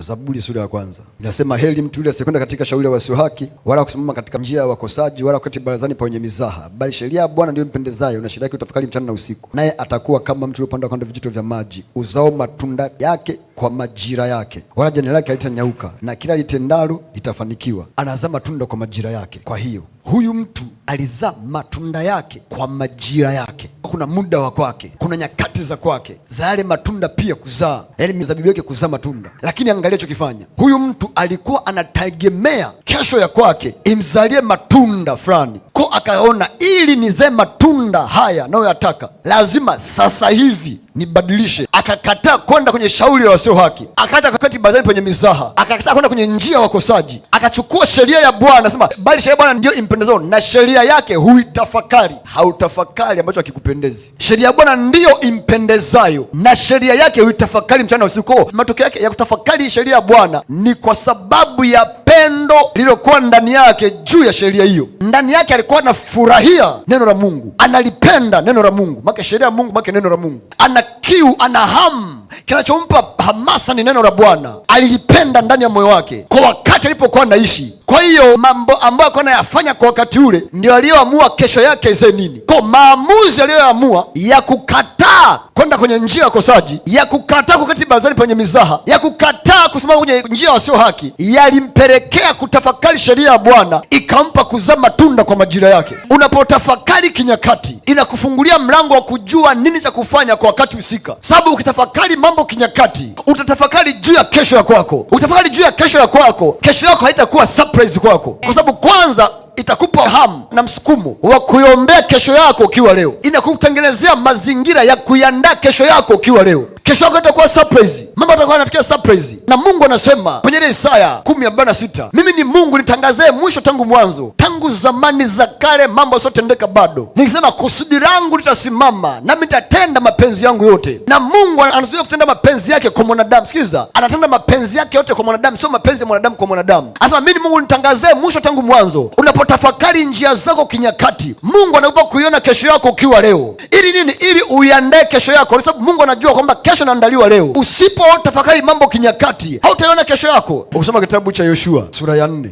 Zaburi sura ya kwanza inasema, heri mtu yule asiyekwenda katika shauri la wasio haki, wala kusimama katika njia ya wakosaji, wala kuketi barazani pa wenye mizaha, bali sheria ya Bwana ndiyo mpendezayo, na sheria yake utafakari mchana na usiku, naye atakuwa kama mtu aliyepanda kando vijito vya maji, uzao matunda yake kwa majira yake, wala jani lake halitanyauka, na kila litendalo litafanikiwa. Anazaa matunda kwa majira yake. Kwa hiyo huyu mtu alizaa matunda yake kwa majira yake. Kuna muda wa kwake, kuna nyakati za kwake za yale matunda pia kuzaa, yaani mizabibu yake kuzaa matunda. Lakini angalia chokifanya huyu mtu, alikuwa anategemea kesho ya kwake imzalie matunda fulani, ko akaona ili nizae matunda haya nayoyataka lazima sasa hivi nibadilishe. Akakataa kwenda kwenye shauri la wasio haki, akakataa kuketi barazani penye mizaha, akakataa kwenda kwenye njia ya wakosaji, akachukua sheria ya Bwana. Anasema bali sheria ya Bwana ndiyo impendezao, na sheria yake huitafakari. Hautafakari ambacho hakikupendezi. Sheria ya Bwana ndiyo impendezayo, na sheria yake huitafakari mchana na usiku. Matokeo yake ya kutafakari sheria ya Bwana ni kwa sababu ya pendo iliyokuwa ndani yake juu ya sheria hiyo. Ndani yake alikuwa anafurahia neno la Mungu, analipenda neno la Mungu, make sheria ya Mungu, make neno la Mungu. Ana kiu, ana hamu, kinachompa hamasa ni neno la Bwana. Alilipenda ndani ya moyo wake kwa wakati alipokuwa anaishi. Kwa hiyo mambo ambayo alikuwa anayafanya kwa wakati ule ndio aliyoamua kesho yake ize nini. Kwa maamuzi aliyoamua ya kukataa kwenda kwenye njia ya kosaji, ya kukataa kuketi barazani penye mizaha, ya kukataa kusimama kwenye njia wasio haki, yalimpelekea kutafakari kutafakari sheria ya Bwana ikampa kuzaa matunda kwa majira yake. Unapotafakari kinyakati, inakufungulia mlango wa kujua nini cha kufanya kwa wakati husika, sababu ukitafakari mambo kinyakati, utatafakari juu ya kesho ya kwako, utafakari juu ya kesho ya kwako. Kesho yako haitakuwa surprise kwako, kwa sababu kwanza itakupa hamu na msukumo wa kuiombea kesho yako ukiwa leo, inakutengenezea mazingira ya kuiandaa kesho yako ukiwa leo. Kesho yako itakuwa surprise, mambo atakuwa anatukia surprise. Na Mungu anasema kwenye ile Isaya 10:46 mimi ni Mungu nitangazee mwisho tangu mwanzo tangu tangu zamani za kale mambo yasiyotendeka bado, nikisema kusudi langu litasimama nami nitatenda mapenzi yangu yote. Na Mungu anazuia kutenda mapenzi yake kwa mwanadamu. Sikiza, anatenda mapenzi yake yote kwa mwanadamu, sio mapenzi ya mwanadamu kwa mwanadamu. Anasema mimi Mungu nitangazee mwisho tangu mwanzo. Unapotafakari njia zako kinyakati, Mungu anakupa kuiona kesho yako ukiwa leo. Ili nini? Ili uiandae kesho yako, kwa sababu Mungu anajua kwamba kesho naandaliwa leo. Usipotafakari mambo kinyakati, hautaiona kesho yako. Ukisoma kitabu cha Yoshua sura ya nne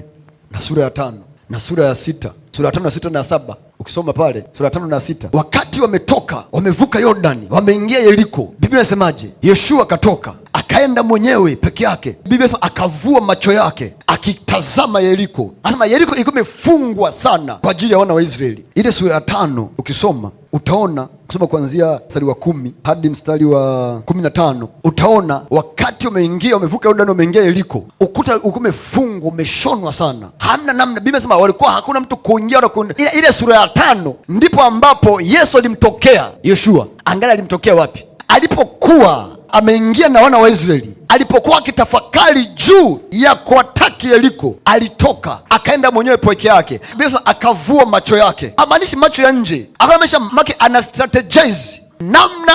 na sura ya tano na sura ya sita sura ya tano na sita na saba ukisoma pale sura ya tano na sita wakati wametoka wamevuka Yordani wameingia Yeriko, Biblia inasemaje? Yeshua akatoka akaenda mwenyewe peke yake. Biblia inasema akavua macho yake akitazama Yeriko, anasema Yeriko ilikuwa imefungwa sana kwa ajili ya wana wa Israeli. Ile sura ya tano ukisoma utaona kusoma kuanzia mstari wa kumi hadi mstari wa kumi na tano utaona wakati umeingia umevuka Yordani, umeingia Yeriko, ukuta ulikuwa umefungwa umeshonwa sana, hamna namna. Biblia inasema walikuwa hakuna mtu kuingia wala kuenda. Ile, ile sura ya tano ndipo ambapo Yesu alimtokea Yoshua. Angalia alimtokea wapi? alipokuwa ameingia na wana wa Israeli alipokuwa akitafakari juu ya kuwataki Yeriko, alitoka akaenda mwenyewe peke yake, akavua macho yake, amaanishi macho ya nje, akaamesha make, ana strategize namna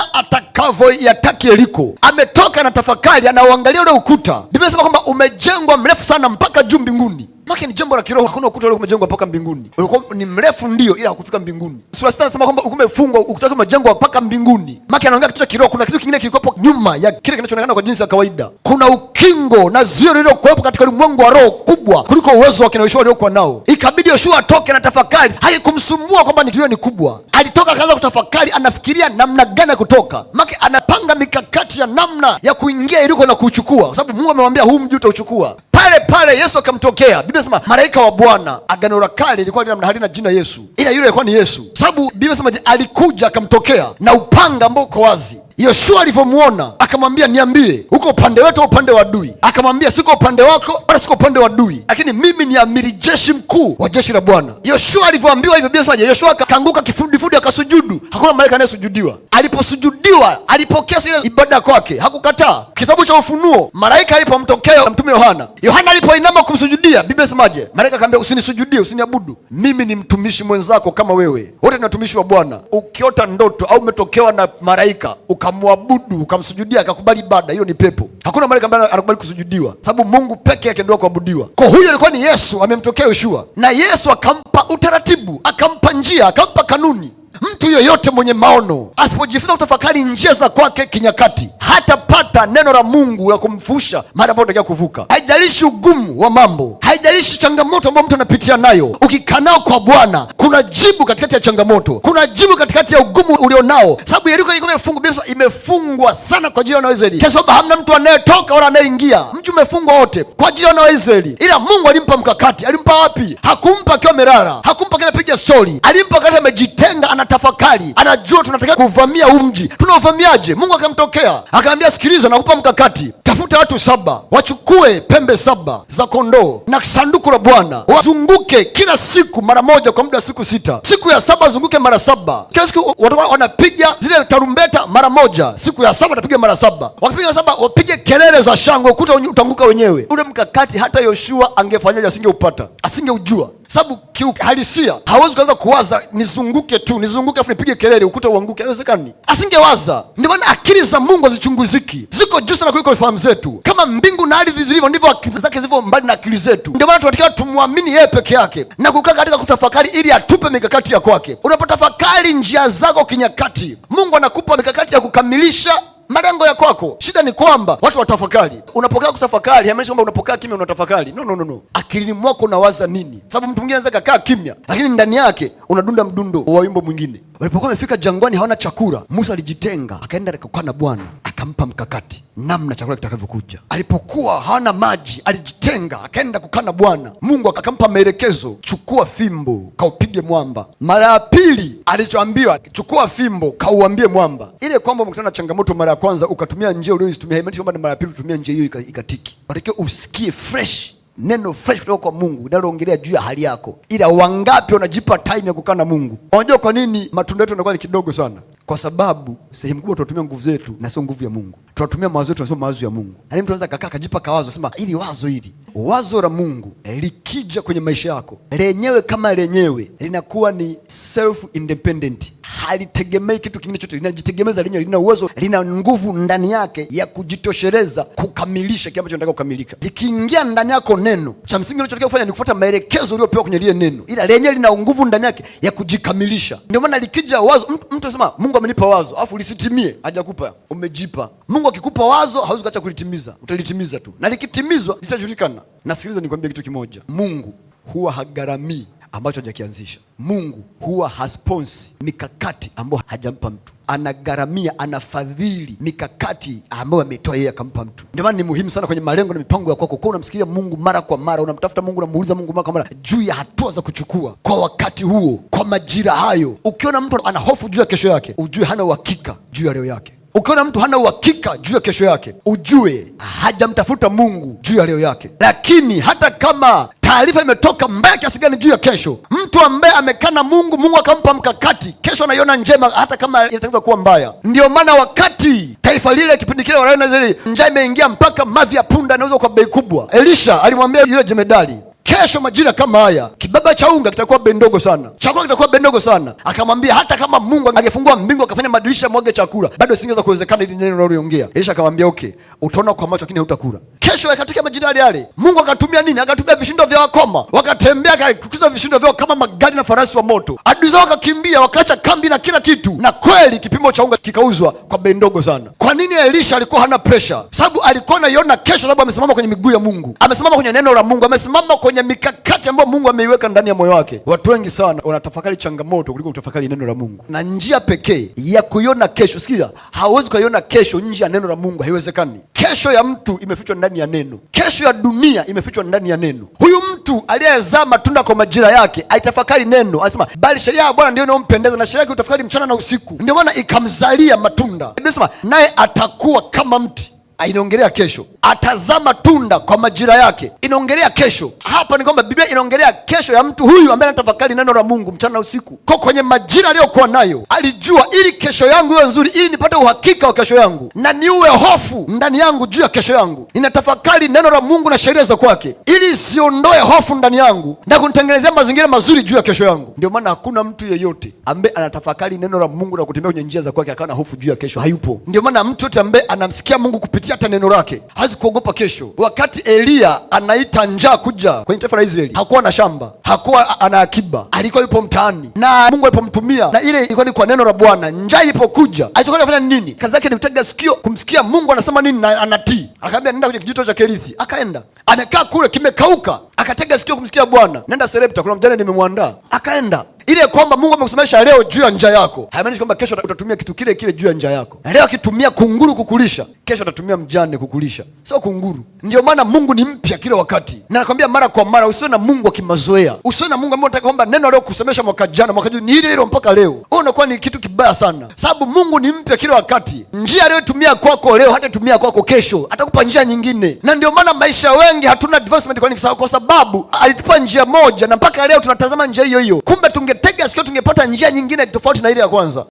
yataki Yeriko. Ametoka na tafakari, anauangalia ule ukuta. Biblia inasema kwamba umejengwa mrefu sana mpaka juu mbinguni. Maki ni jambo la kiroho, hakuna ukuta ule umejengwa mpaka mbinguni. Ulikuwa ni mrefu ndio, ila hakufika mbinguni. Sura sita nasema kwamba kumefungwa ukuta umejengwa mpaka mbinguni. Maki anaongea kitu cha kiroho, kuna kitu kingine kilikuwepo nyuma ya kile kinachoonekana kwa jinsi ya kawaida. Kuna ukingo na zuio lililokuwepo katika ulimwengu wa roho kubwa kuliko uwezo wa kina Yoshua waliokuwa nao. Ikabidi Yoshua atoke na tafakari, haikumsumbua kwamba ni ni kubwa. Alitoka akaanza kutafakari, anafikiria namna gani ya kutoka. Maki ana kupanga mikakati ya namna ya kuingia Yeriko na kuchukua kwa sababu Mungu amemwambia huu mji utauchukua. Pale pale Yesu akamtokea. Biblia inasema malaika wa Bwana, agano la kale lilikuwa lina halina jina Yesu, ila yule alikuwa ni Yesu, sababu Biblia inasema alikuja akamtokea na upanga ambao uko wazi. Yoshua alivyomwona akamwambia, niambie, uko upande wetu au upande wa adui? Akamwambia, siko upande wako wala siko upande wa adui, lakini mimi ni amiri jeshi mkuu wa jeshi la Bwana. Yoshua alivyoambiwa hivyo, Biblia inasemaje? Yoshua akaanguka kifudifudi akasujudu. Hakuna malaika anayesujudiwa. Aliposujudiwa alipokea ile ibada kwake, hakukataa. Kitabu cha Ufunuo, malaika alipomtokea mtume Yohana, Yohana alipoinama kumsujudia, Biblia inasemaje? Malaika akamwambia, usinisujudie, usiniabudu, mimi ni mtumishi mwenzako kama wewe. Wote ni watumishi wa Bwana. Ukiota ndoto au umetokewa na malaika uka ukamwabudu ukamsujudia akakubali ibada, hiyo ni pepo. Hakuna malaika ambaye anakubali kusujudiwa, sababu Mungu peke yake ndio kuabudiwa. Kwa huyo alikuwa ni Yesu, amemtokea Yoshua na Yesu akampa utaratibu, akampa njia, akampa kanuni Mtu yeyote mwenye maono asipojifunza kutafakari njia za kwake kinyakati, hatapata neno la Mungu la kumfusha mahali ambapo unatakiwa kuvuka. Haijalishi ugumu wa mambo, haijalishi changamoto ambayo mtu anapitia nayo, ukikanao kwa Bwana kuna jibu katikati ya changamoto, kuna jibu katikati ya ugumu ulionao, sababu Yeriko ilikuwa imefungwa, imefungwa sana kwa ajili ya Wanaisraeli kiasi kwamba hamna mtu anayetoka wala anayeingia, mji umefungwa wote kwa ajili ya Wanaisraeli. Ila Mungu alimpa mkakati. Alimpa wapi? Hakumpa akiwa amelala, hakumpa akiwa anapiga stori, alimpa wakati amejitenga, ana tafakari, anajua tunataka kuvamia huu mji, tunauvamiaje? Mungu akamtokea akaambia, sikiliza, nakupa mkakati, tafuta watu saba, wachukue pembe saba za kondoo na sanduku la Bwana, wazunguke kila siku mara moja kwa muda wa siku sita. Siku ya saba wazunguke mara saba, kila siku watakuwa wanapiga zile tarumbeta mara moja. Siku ya saba watapiga mara saba, wakipiga mara saba wapige kelele za shangwe, ukuta utanguka wenyewe. Ule mkakati hata Yoshua angefanyaje? Asingeupata, asingeujua sababu kihalisia hawezi kuanza kuwaza nizunguke tu nizunguke afu nipige kelele ukuta uanguke, haiwezekani, asingewaza. Ndio maana akili za Mungu hazichunguziki, ziko juu sana kuliko fahamu zetu. Kama mbingu na ardhi zilivyo, ndivyo akili zake zilivyo mbali na akili zetu. Ndio maana tunatakiwa tumwamini yeye peke yake na kukaa katika kutafakari, ili atupe mikakati ya kwake. Unapotafakari njia zako kinyakati, Mungu anakupa mikakati ya kukamilisha malengo ya kwako. Shida ni kwamba watu watafakari. Unapokaa kutafakari haimaanishi kwamba unapokaa kimya unatafakari. No, no, no, no. Akilini mwako unawaza nini? Sababu mtu mwingine anaweza kakaa kimya, lakini ndani yake unadunda mdundo wa wimbo mwingine. Walipokuwa wamefika jangwani hawana chakula, Musa alijitenga akaenda akakaa na Bwana akampa mkakati namna chakula kitakavyokuja. Alipokuwa hawana maji, alijitenga akaenda kukaa na Bwana. Mungu akampa maelekezo, chukua fimbo kaupige mwamba. Mara ya pili alichoambiwa, chukua fimbo kauambie mwamba. Ile kwamba umekutana na changamoto mara ya kwanza ukatumia njia ulioitumia, haimaanishi kwamba mara ya pili utumia njia hiyo ikatiki. Unatakiwa usikie fresh neno fresh kutoka kwa Mungu linaloongelea juu ya hali yako, ila wangapi wanajipa time ya kukaa na Mungu? Unajua kwa nini matunda yetu yanakuwa ni kidogo sana? Kwa sababu sehemu kubwa tunatumia nguvu zetu na sio nguvu ya Mungu, tunatumia mawazo yetu na sio mawazo ya Mungu. Na mtu anaweza kakaa kajipa kawazo, sema ili wazo hili, wazo la Mungu eh, likija kwenye maisha yako lenyewe kama lenyewe linakuwa ni self independent halitegemei kitu kingine chote, linajitegemeza lenyewe. Lina uwezo, lina nguvu ndani yake ya kujitosheleza kukamilisha kile ambacho nataka kukamilika. Likiingia ndani yako neno, cha msingi unachotakiwa kufanya ni kufuata maelekezo uliopewa kwenye lile neno, ila lenyewe lina nguvu ndani yake ya kujikamilisha. Ndio maana likija wazo, mtu anasema Mungu amenipa wazo afu lisitimie, hajakupa umejipa. Mungu akikupa wazo hauwezi kuacha kulitimiza, utalitimiza tu, na likitimizwa litajulikana. Nasikiliza nikwambie kitu kimoja, Mungu huwa hagharamii ambacho hajakianzisha. Mungu huwa hasponsi mikakati ambayo hajampa mtu, anagharamia, anafadhili mikakati ambayo ametoa yeye akampa mtu. Ndio maana ni muhimu sana kwenye malengo na mipango ya kwako, kwa unamsikilia Mungu mara kwa mara, unamtafuta Mungu, unamuuliza Mungu mara kwa mara juu ya hatua za kuchukua kwa wakati huo, kwa majira hayo. Ukiona mtu ana hofu juu ya kesho yake, ujue hana uhakika juu ya leo yake. Ukiona mtu hana uhakika juu ya kesho yake, ujue hajamtafuta Mungu juu ya leo yake. Lakini hata kama taarifa imetoka mbaya kiasi gani juu ya kesho. Mtu ambaye amekana Mungu, Mungu akampa mkakati, kesho anaiona njema, hata kama inatangazwa kuwa mbaya. Ndio maana wakati taifa lile kipindi kile wanaona njaa imeingia mpaka mavi ya punda anauza kwa bei kubwa, Elisha alimwambia yule jemedali Kesho majira kama haya kibaba cha unga kitakuwa bei ndogo sana, chakula kitakuwa bei ndogo sana. Akamwambia hata kama Mungu angefungua mbingu akafanya madirisha mwage chakula, bado singeweza kuwezekana ili neno unaloongea. Elisha akamwambia okay, utaona kwa macho lakini hautakula. Kesho katika majira yale yale Mungu akatumia nini? Akatumia vishindo vya wakoma, wakatembea kukuza vishindo vyao kama magari na farasi wa moto. Adui zao wakakimbia, wakaacha kambi na kila kitu, na kweli kipimo cha unga kikauzwa kwa bei ndogo sana. Kwa nini Elisha alikuwa hana pressure? Sababu alikuwa anaiona kesho, sababu amesimama kwenye miguu ya Mungu, amesimama kwenye neno la Mungu, amesimama kwenye kwenye mikakati ambayo Mungu ameiweka ndani ya moyo wake. Watu wengi sana wanatafakari changamoto kuliko kutafakari neno la Mungu, na njia pekee ya kuiona kesho, sikia, hauwezi kuiona kesho nje ya neno la Mungu, haiwezekani. Kesho ya mtu imefichwa ndani ya neno, kesho ya dunia imefichwa ndani ya neno. Huyu mtu aliyezaa matunda kwa majira yake aitafakari neno, anasema bali sheria ya Bwana ndio inayompendeza na sheria yake utafakari mchana na usiku, ndio maana ikamzalia matunda. Biblia inasema naye atakuwa kama mti inaongelea kesho, atazaa tunda kwa majira yake, inaongelea kesho. Hapa ni kwamba Biblia inaongelea kesho ya mtu huyu ambaye anatafakari neno la Mungu mchana na usiku, kwa kwenye majira aliyokuwa nayo alijua, ili kesho yangu iwe nzuri, ili nipate uhakika wa kesho yangu na niuwe hofu ndani yangu juu ya kesho yangu, ninatafakari neno la Mungu na sheria za kwake, ili siondoe hofu ndani yangu na kunitengenezea mazingira mazuri juu ya kesho yangu. Ndio maana hakuna mtu yeyote ambaye anatafakari neno la Mungu na kutembea kwenye njia za kwake akawa na hofu juu ya kesho, hayupo. Ndio maana mtu yote ambaye anamsikia Mungu kupitia kupitia hata neno lake, hawezi kuogopa kesho. Wakati Eliya anaita njaa kuja kwenye taifa la Israeli, hakuwa na shamba, hakuwa ana akiba, alikuwa yupo mtaani na Mungu alipomtumia, na ile ilikuwa ni kwa neno la Bwana. Njaa ilipokuja alichokuwa anafanya nini? Kazi yake ni kutega sikio kumsikia Mungu anasema nini na anatii. Akaambia nenda kwenye kijito cha Kerithi, akaenda amekaa kule, kimekauka, akatega sikio kumsikia Bwana. Nenda Serepta, kuna mjane nimemwandaa, akaenda ile kwamba Mungu amekusimamisha leo juu ya njia yako haimaanishi kwamba kesho utatumia kitu kile kile juu ya njia yako. Leo akitumia kunguru kukulisha, kesho atatumia mjane kukulisha, sio kunguru. Ndio maana Mungu ni mpya kila wakati, na nakwambia mara kwa mara, usiwe na Mungu wa kimazoea, usiwe na Mungu ambaye unataka kwamba neno leo aliyokusomesha mwaka jana, mwaka juu ni ile ile mpaka leo. Wewe unakuwa ni kitu kibaya sana, sababu Mungu ni mpya kila wakati. Njia aliyotumia kwako leo hatatumia kwako kesho, atakupa njia nyingine. Na ndio maana maisha wengi hatuna advancement, kwa sababu alitupa njia moja na mpaka leo tunatazama njia hiyo hiyo, kumbe tunge tungetega sikio tungepata njia nyingine tofauti na ile ya kwanza.